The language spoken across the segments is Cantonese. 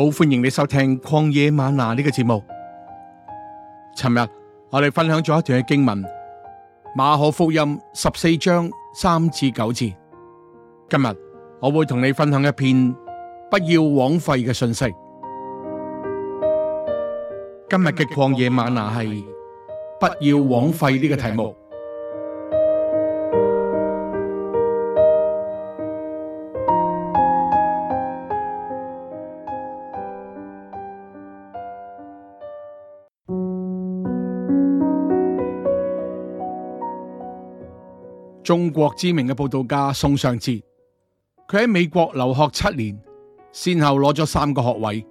好歡迎你收聽曠野嗎哪呢個節目。尋日我哋分享咗一段嘅經文，馬可福音十四章三至九節。今日我會同你分享一篇不要枉費嘅信息。今日嘅曠野嗎哪係不要枉費呢個題目。中國知名嘅佈道家宋尚節，佢喺美國留學七年，先後攞咗三個學位，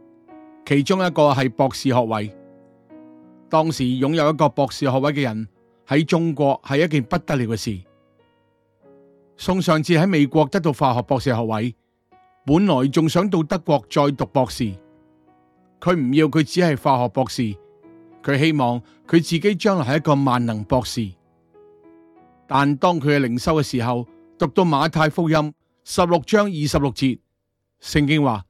其中一個係博士學位。當時擁有一個博士學位嘅人喺中國係一件不得了嘅事。宋尚節喺美國得到化學博士學位，本來仲想到德國再讀博士，佢唔要佢只係化學博士，佢希望佢自己將來係一個萬能博士。但當佢係靈修嘅時候，讀到馬太福音十六章二十六節，聖經話：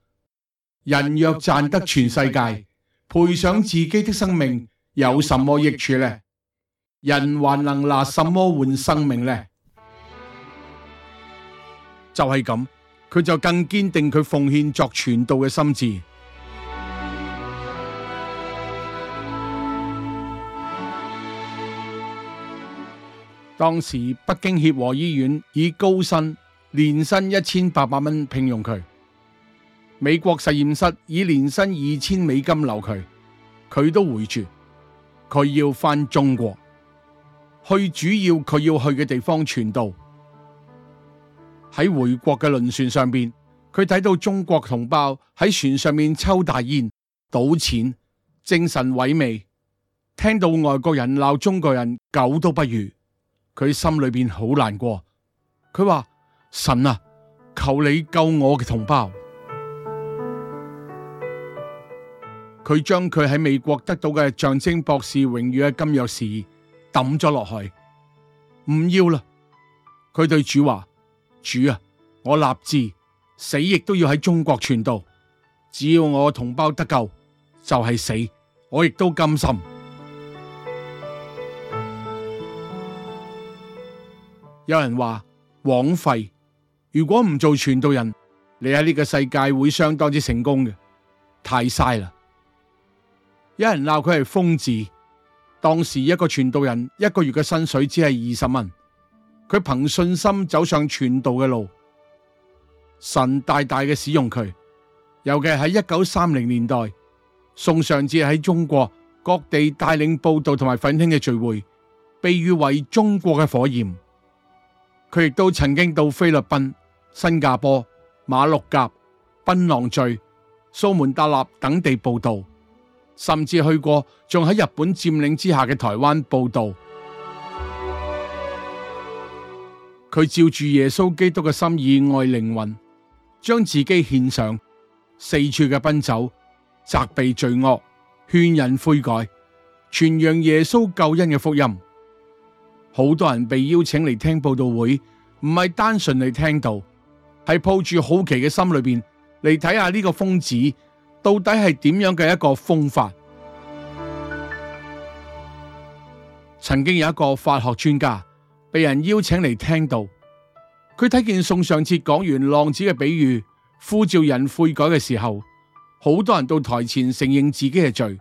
人若賺得全世界，賠上自己的生命，有什麼益處呢？人還能拿什麼換生命呢？就係咁，佢就更堅定佢奉獻作傳道嘅心志。當時北京協和醫院以高薪，年薪一千八百蚊聘用佢；美國實驗室以年薪二千美金留佢，佢都回住，佢要返中國，去主要佢要去嘅地方傳道。喺回國嘅輪船上邊，佢睇到中國同胞喺船上面抽大煙、賭錢，精神萎靡，聽到外國人鬧中國人狗都不如。佢心裏邊好難過，佢話神啊，求你救我嘅同胞。佢 將佢喺美國得到嘅象徵博士榮譽嘅金鑰匙抌咗落去，唔要啦。佢對主話：主啊，我立志死亦都要喺中國傳道，只要我同胞得救，就係、是、死，我亦都甘心。有人話枉費，如果唔做傳道人，你喺呢個世界會相當之成功嘅，太嘥啦。有人鬧佢係瘋子，當時一個傳道人一個月嘅薪水只係二十蚊，佢憑信心走上傳道嘅路，神大大嘅使用佢，尤其喺一九三零年代，宋尚節喺中國各地帶領佈道同埋奮興嘅聚會，被譽為中國嘅火焰。佢亦都曾經到菲律賓、新加坡、馬六甲、檳榔嶼、蘇門答臘等地報道，甚至去過仲喺日本占領之下嘅台灣報道。佢照住耶穌基督嘅心意愛靈魂，將自己獻上，四處嘅奔走，責備罪惡，勸人悔改，傳揚耶穌救恩嘅福音。好多人被邀請嚟聽佈道會，唔係單純嚟聽道，係抱住好奇嘅心裏邊嚟睇下呢個瘋子到底係點樣嘅一個瘋法。 曾經有一個法學專家被人邀請嚟聽道，佢睇見宋尚節講完浪子嘅比喻，呼召人悔改嘅時候，好多人到台前承認自己嘅罪，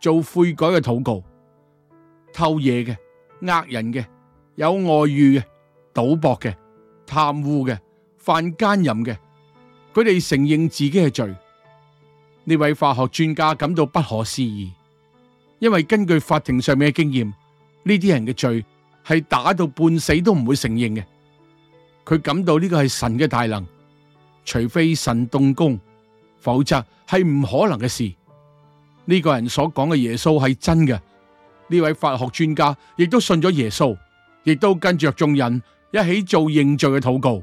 做悔改嘅禱告，偷嘢嘅，呃人嘅。有外遇嘅、賭博嘅、貪污嘅、犯奸淫嘅，佢哋承認自己嘅罪。呢位法學專家感到不可思議，因為根據法庭上面嘅經驗，呢啲人嘅罪係打到半死都唔會承認嘅。佢感到呢個係神嘅大能，除非神動工，否則係唔可能嘅事。呢、這個人所講嘅耶穌係真嘅，呢位法學專家亦都信咗耶穌。亦都跟着眾人一起做認罪嘅禱告。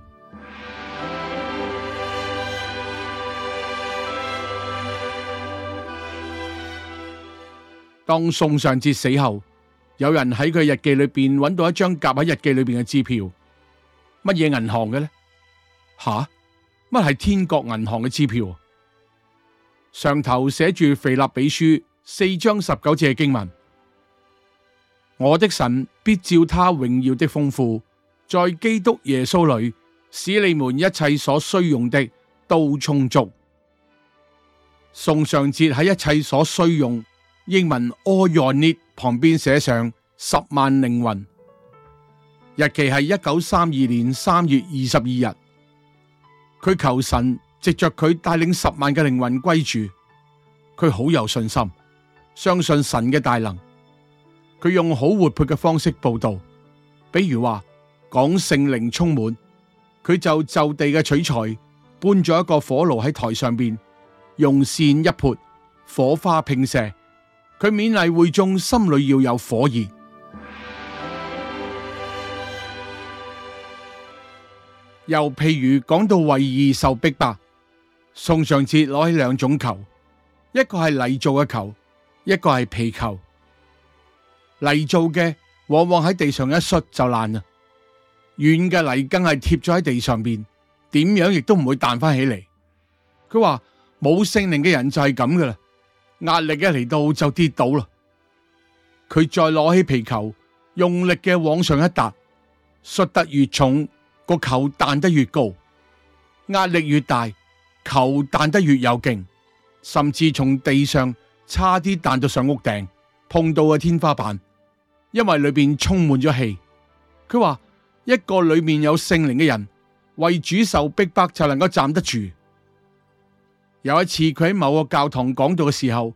當宋尚哲死後，有人喺佢日記裏邊揾到一張夾喺日記裏邊嘅支票，乜嘢銀行嘅咧？吓，乜係天國銀行嘅支票？上頭寫住《腓立比書》四章十九字嘅經文。我的神必照祂榮耀的豐富，在基督耶穌裏，使你們一切所需用的都充足。宋尚節喺一切所需用英文 all your need 旁邊寫上十萬靈魂，日期係一九三二年三月二十二日。佢求神藉着佢帶領十萬嘅靈魂歸主。佢好有信心，相信神嘅大能。佢用好活潑嘅方式報道，比如話講聖靈充滿，佢就就地嘅取材，搬咗一個火爐喺台上邊，用線一潑，火花迸射。佢勉勵會眾心裏要有火焰。又 譬如講到為義受逼迫，宋尚節攞起兩種球，一個係泥做嘅球，一個係皮球。泥做嘅往往喺地上一摔就爛啦，軟嘅泥更係貼咗喺地上邊，點樣亦都唔會彈翻起嚟。佢話冇聖靈嘅人就係咁噶啦，壓力一嚟到就跌倒啦。佢再攞起皮球，用力嘅往上一搭，摔得越重，個球彈得越高，壓力越大，球彈得越有勁，甚至從地上差啲彈到上屋頂，碰到個天花板。因為裏面充滿咗氣，佢話一個裏面有聖靈嘅人為主受逼迫就能夠站得住。有一次佢喺某個教堂講道嘅時候，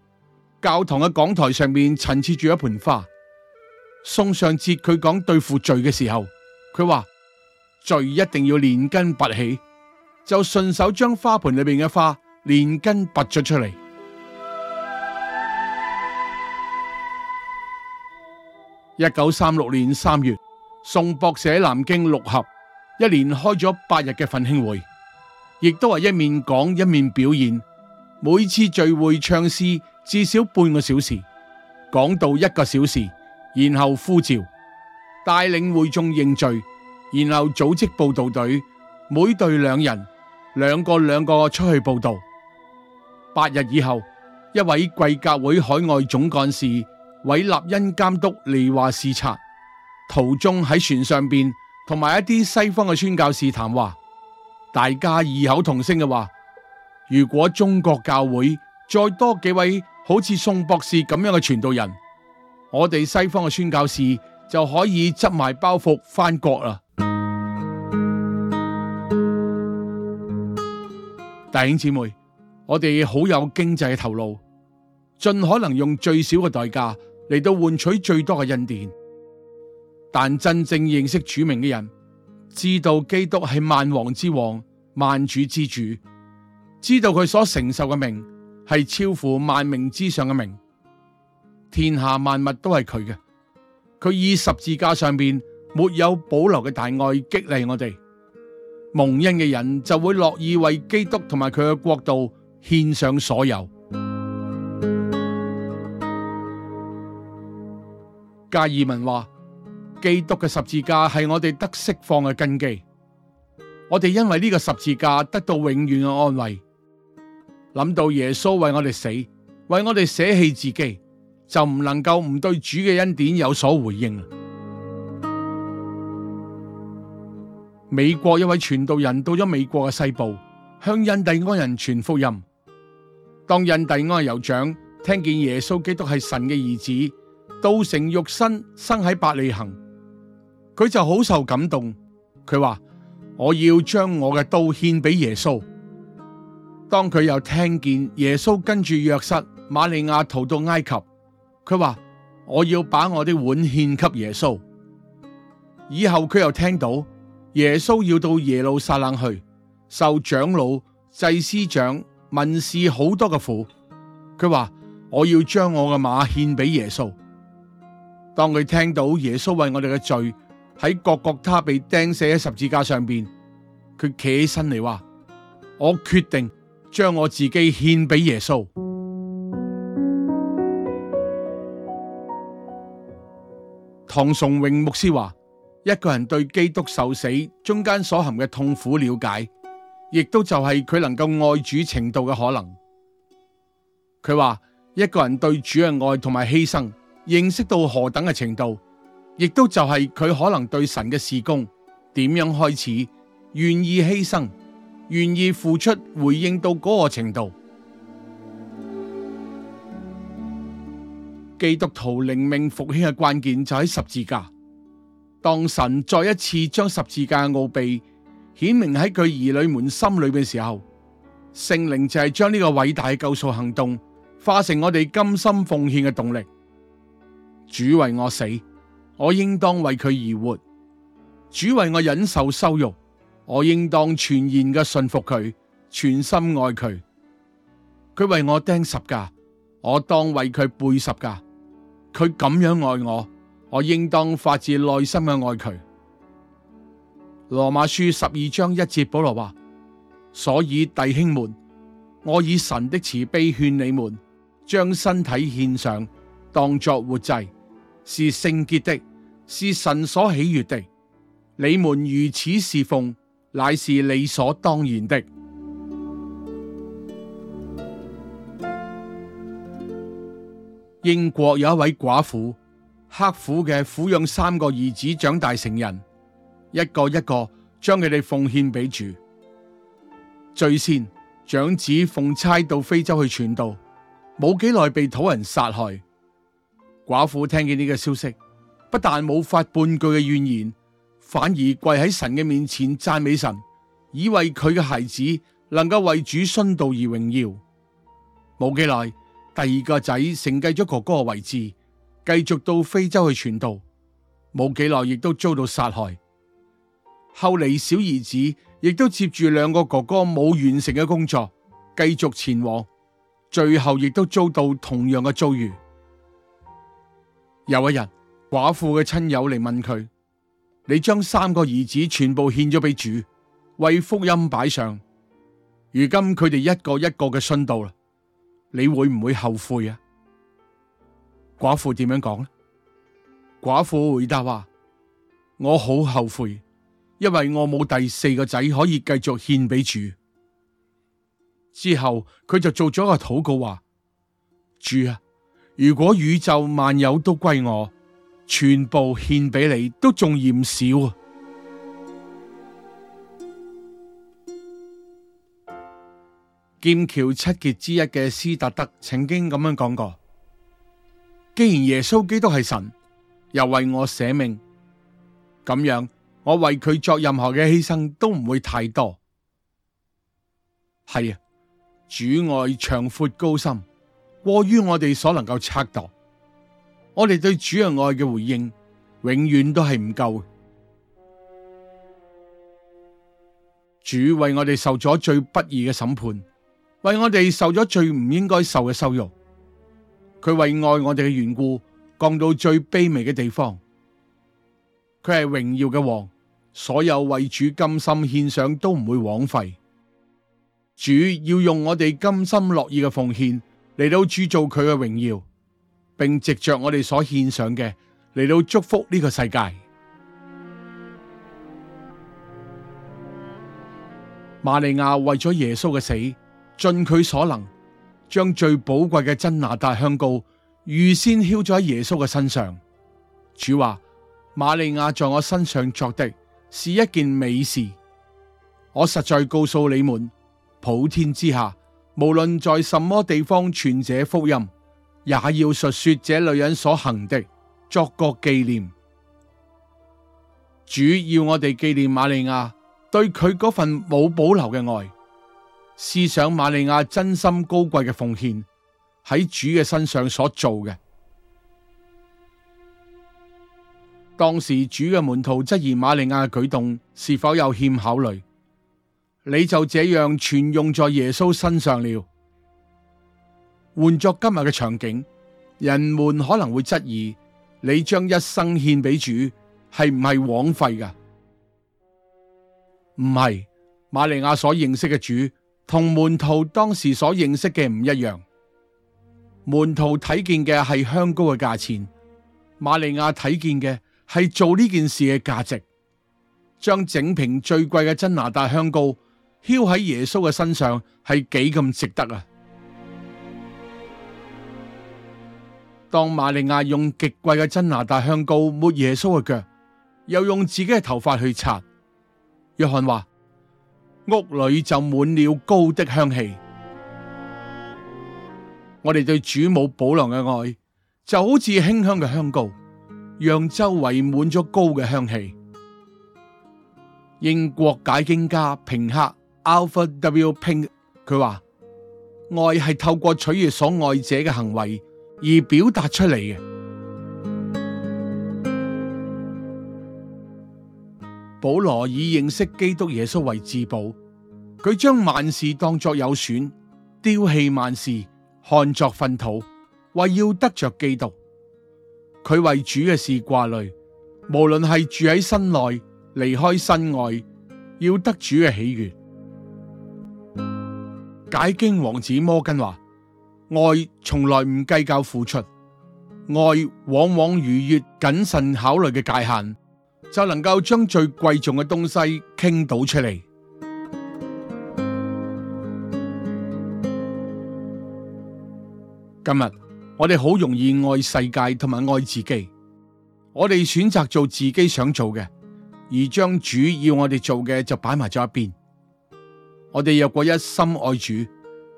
教堂嘅講台上面陳設住一盆花。宋尚節佢講對付罪嘅時候，佢話罪一定要連根拔起，就順手將花盆裏面嘅花連根拔咗出嚟。一九三六年三月，宋博士南京六合，一連開咗八日嘅奮興會，亦都係一面講一面表演。每次聚會唱詩至少半個小時，講道一個小時，然後呼召帶領會眾認罪，然後組織報道隊，每隊兩人，兩個兩個出去報道。八日以後，一位貴格會海外總幹事。韋立恩監督利華視察途中喺船上邊同埋一啲西方嘅宣教士談話，大家異口同聲嘅話，如果中國教會再多幾位好似宋博士咁樣嘅傳道人，我哋西方嘅宣教士就可以執埋包袱翻國啦。弟 兄姊妹，我哋好有經濟嘅頭腦，盡可能用最少嘅代價。嚟到換取最多嘅恩典，但真正認識主名嘅人，知道基督係萬王之王、萬主之主，知道佢所承受嘅名係超乎萬名之上嘅名，天下萬物都係佢嘅。佢以十字架上邊沒有保留嘅大愛激勵我哋，蒙恩嘅人就會樂意為基督同埋佢嘅國度獻上所有。加爾文話：基督嘅十字架係我哋得釋放嘅根基，我哋因為呢個十字架得到永遠嘅安慰。諗到耶穌為我哋死，為我哋捨棄自己，就唔能夠唔對主嘅恩典有所回應。美國一位傳道人到咗美國嘅西部，向印第安人傳福音。當印第安酋長聽見耶穌基督係神嘅兒子。道成肉身生喺伯利恆，佢就好受感動。佢話，我要將我嘅刀獻俾耶穌。當佢又聽見耶穌跟住約瑟瑪利亞逃到埃及，佢話，我要把我的碗獻給耶穌。以後佢又聽到耶穌要到耶路撒冷去受長老、祭司長、文士好多嘅苦，佢話，我要將我嘅馬獻俾耶穌。當佢聽到耶穌為我哋嘅罪喺各各他被釘死喺十字架上邊，佢企起身嚟話：我決定將我自己獻俾耶穌。 唐崇榮牧師話：一個人對基督受死中間所含嘅痛苦了解，亦都就係佢能夠愛主程度嘅可能。佢話：一個人對主嘅愛同埋犧牲。認識到何等嘅程度，亦都就係佢可能對神嘅事工點樣開始，願意犧牲、願意付出，回應到嗰個程度。基督徒靈命復興嘅關鍵就喺十字架。當神再一次將十字架嘅奧秘顯明喺佢兒女們心裏邊嘅時候，聖靈就係將呢個偉大嘅救贖行動化成我哋甘心奉獻嘅動力。主為我死，我應當為佢而活。主為我忍受羞辱，我應當全然嘅信服佢，全心愛佢。佢為我釘十架，我當為佢背十架。佢咁樣愛我，我應當發自內心嘅愛佢。羅馬書十二章一節，保羅話：所以弟兄們，我以神的慈悲勸你們，將身體獻上，當作活祭，是聖潔的，是神所喜悅的。你們如此侍奉，乃是理所當然的。 英國有一位寡婦，刻苦嘅撫養三個兒子長大成人，一個一個將佢哋奉獻俾主。最先長子奉差到非洲去傳道，冇幾耐被土人殺害。寡婦聽見呢個消息，不但冇發半句嘅怨言，反而跪喺神嘅面前讚美神，以為佢嘅孩子能夠為主殉道而榮耀。冇幾耐，第二個仔承繼咗哥哥嘅位置，繼續到非洲去傳道。冇幾耐，亦都遭到殺害。後嚟小兒子亦都接住兩個哥哥冇完成嘅工作，繼續前往，最後亦都遭到同樣嘅遭遇。有一日，寡婦嘅親友嚟問佢：你將三個兒子全部獻咗俾主，為福音擺上，如今佢哋一個一個嘅殉道啦，你會唔會後悔啊？寡婦點樣講咧？寡婦回答話：我好後悔，因為我冇第四個仔可以繼續獻俾主。之後佢就做咗個禱告話：主啊！如果宇宙萬有都歸我，全部獻俾你，都仲嫌少。劍橋七傑之一嘅斯達德曾經咁樣講過：既然耶穌基督係神，又為我捨命，咁樣我為佢作任何嘅犧牲都唔會太多。係啊，主愛長闊高深。過於我哋所能夠測度，我哋對主人愛嘅回應永遠都係唔夠。主為我哋受咗最不義嘅審判，為我哋受咗最唔應該受嘅羞辱。佢為愛我哋嘅緣故，降到最卑微嘅地方。佢係榮耀嘅王，所有為主甘心獻上都唔會枉費。主要用我哋甘心樂意嘅奉獻。嚟到主造佢嘅榮耀，並藉着我哋所獻上嘅，嚟到祝福呢個世界。瑪利亞為咗耶穌嘅死，盡佢所能，將最寶貴嘅真哪噠香膏預先澆咗喺耶穌嘅身上。主話：瑪利亞在我身上作的是一件美事，我實在告訴你們，普天之下。無論在什麼地方傳這福音，也要述說這女人所行的，作個紀念。主要我哋紀念瑪利亞對佢嗰份冇保留嘅愛，思想瑪利亞真心高貴嘅奉獻喺主嘅身上所做嘅。當時主嘅門徒質疑瑪利亞嘅舉動是否有欠考慮。你就這樣全用在耶穌身上了。換作今日嘅場景，人們可能會質疑你將一生獻俾主係唔係枉費㗎？唔係，瑪利亞所認識嘅主同門徒當時所認識嘅唔一樣。門徒睇見嘅係香膏嘅價錢，瑪利亞睇見嘅係做呢件事嘅價值。將整瓶最貴嘅真哪噠香膏。飄喺耶穌嘅身上係幾咁值得啊！當瑪利亞用極貴嘅珍拿大香膏抹耶穌嘅腳，又用自己嘅頭髮去擦。約翰話：屋裏就滿了膏的香氣。我哋對主母保良嘅愛，就好似馨香嘅香膏，讓周圍滿咗膏嘅香氣。英國解經家平克。Alpha W Pink，佢話愛係透過取悅所愛者嘅行為而表達出嚟嘅。保羅以認識基督耶穌為至寶，佢將萬事當作有損，丟棄萬事，看作糞土，為要得着基督。佢為主嘅事掛慮，無論係住喺身內，離開身外，要得主嘅喜悅。解經王子摩根話：愛從來唔計較付出，愛往往逾越謹慎考慮嘅界限，就能夠將最貴重嘅東西傾倒出嚟。今日我哋好容易愛世界同埋愛自己，我哋選擇做自己想做嘅，而將主要我哋做嘅就擺埋咗一邊。我哋若果一心愛主，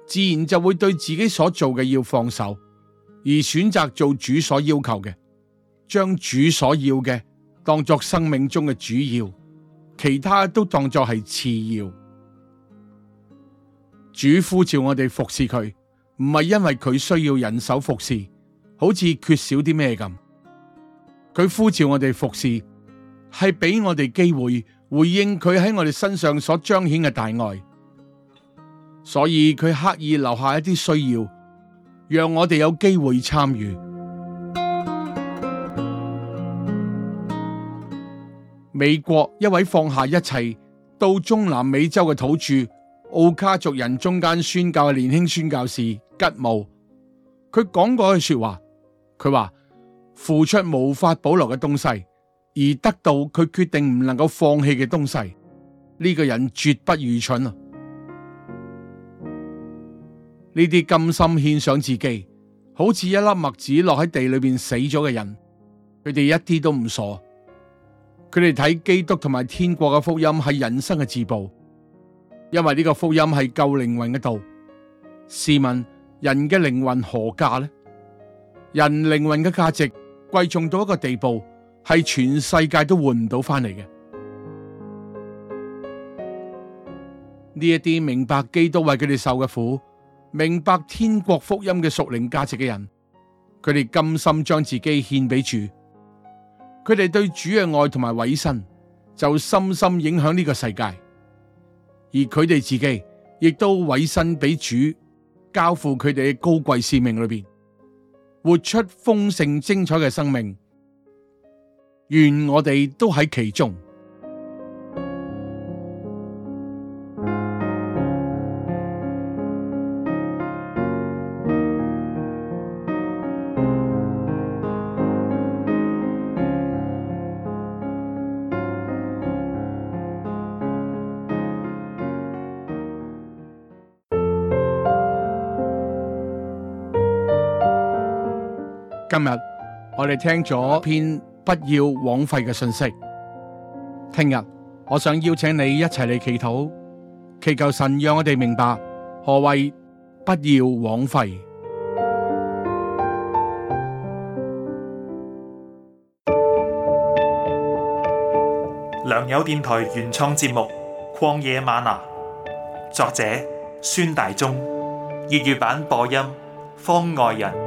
自然就會對自己所做嘅要放手，而選擇做主所要求嘅，將主所要嘅當作生命中嘅主要，其他都當作係次要。主呼召我哋服侍佢，唔係因為佢需要人手服侍，好似缺少啲咩咁。佢呼召我哋服侍，係俾我哋機會回應佢喺我哋身上所彰顯嘅大愛。所以佢刻意留下一啲需要，讓我哋有機會參與。美國一位放下一切到中南美洲嘅土著奧卡族人中間宣教嘅年輕宣教士吉姆，佢講過句說話，佢話付出無法保留嘅東西，而得到佢決定唔能夠放棄嘅東西，呢個人絕不愚蠢啊！呢啲甘心獻上自己，好似一粒麥子落喺地裏邊死咗嘅人，佢哋一啲都唔傻。佢哋睇基督同埋天國嘅福音係人生嘅至寶，因為呢個福音係救靈魂嘅道。試問人嘅靈魂何價呢？人靈魂嘅價值貴重到一個地步，係全世界都換唔到翻嚟嘅。呢一啲明白基督為佢哋受嘅苦。明白天國福音嘅屬靈價值嘅人，佢哋甘心將自己獻俾主，佢哋對主嘅愛同埋委身就深深影響呢個世界，而佢哋自己亦都委身俾主，交付佢哋嘅高貴使命裏邊，活出豐盛精彩嘅生命。願我哋都喺其中。我哋聽咗篇不要枉費嘅信息，聽日我想邀請你一齊嚟祈禱，祈求神讓我哋明白何為不要枉費。良友電台原創節目《曠野瑪拿》，作者：孫大忠，粵語版播音：方愛人。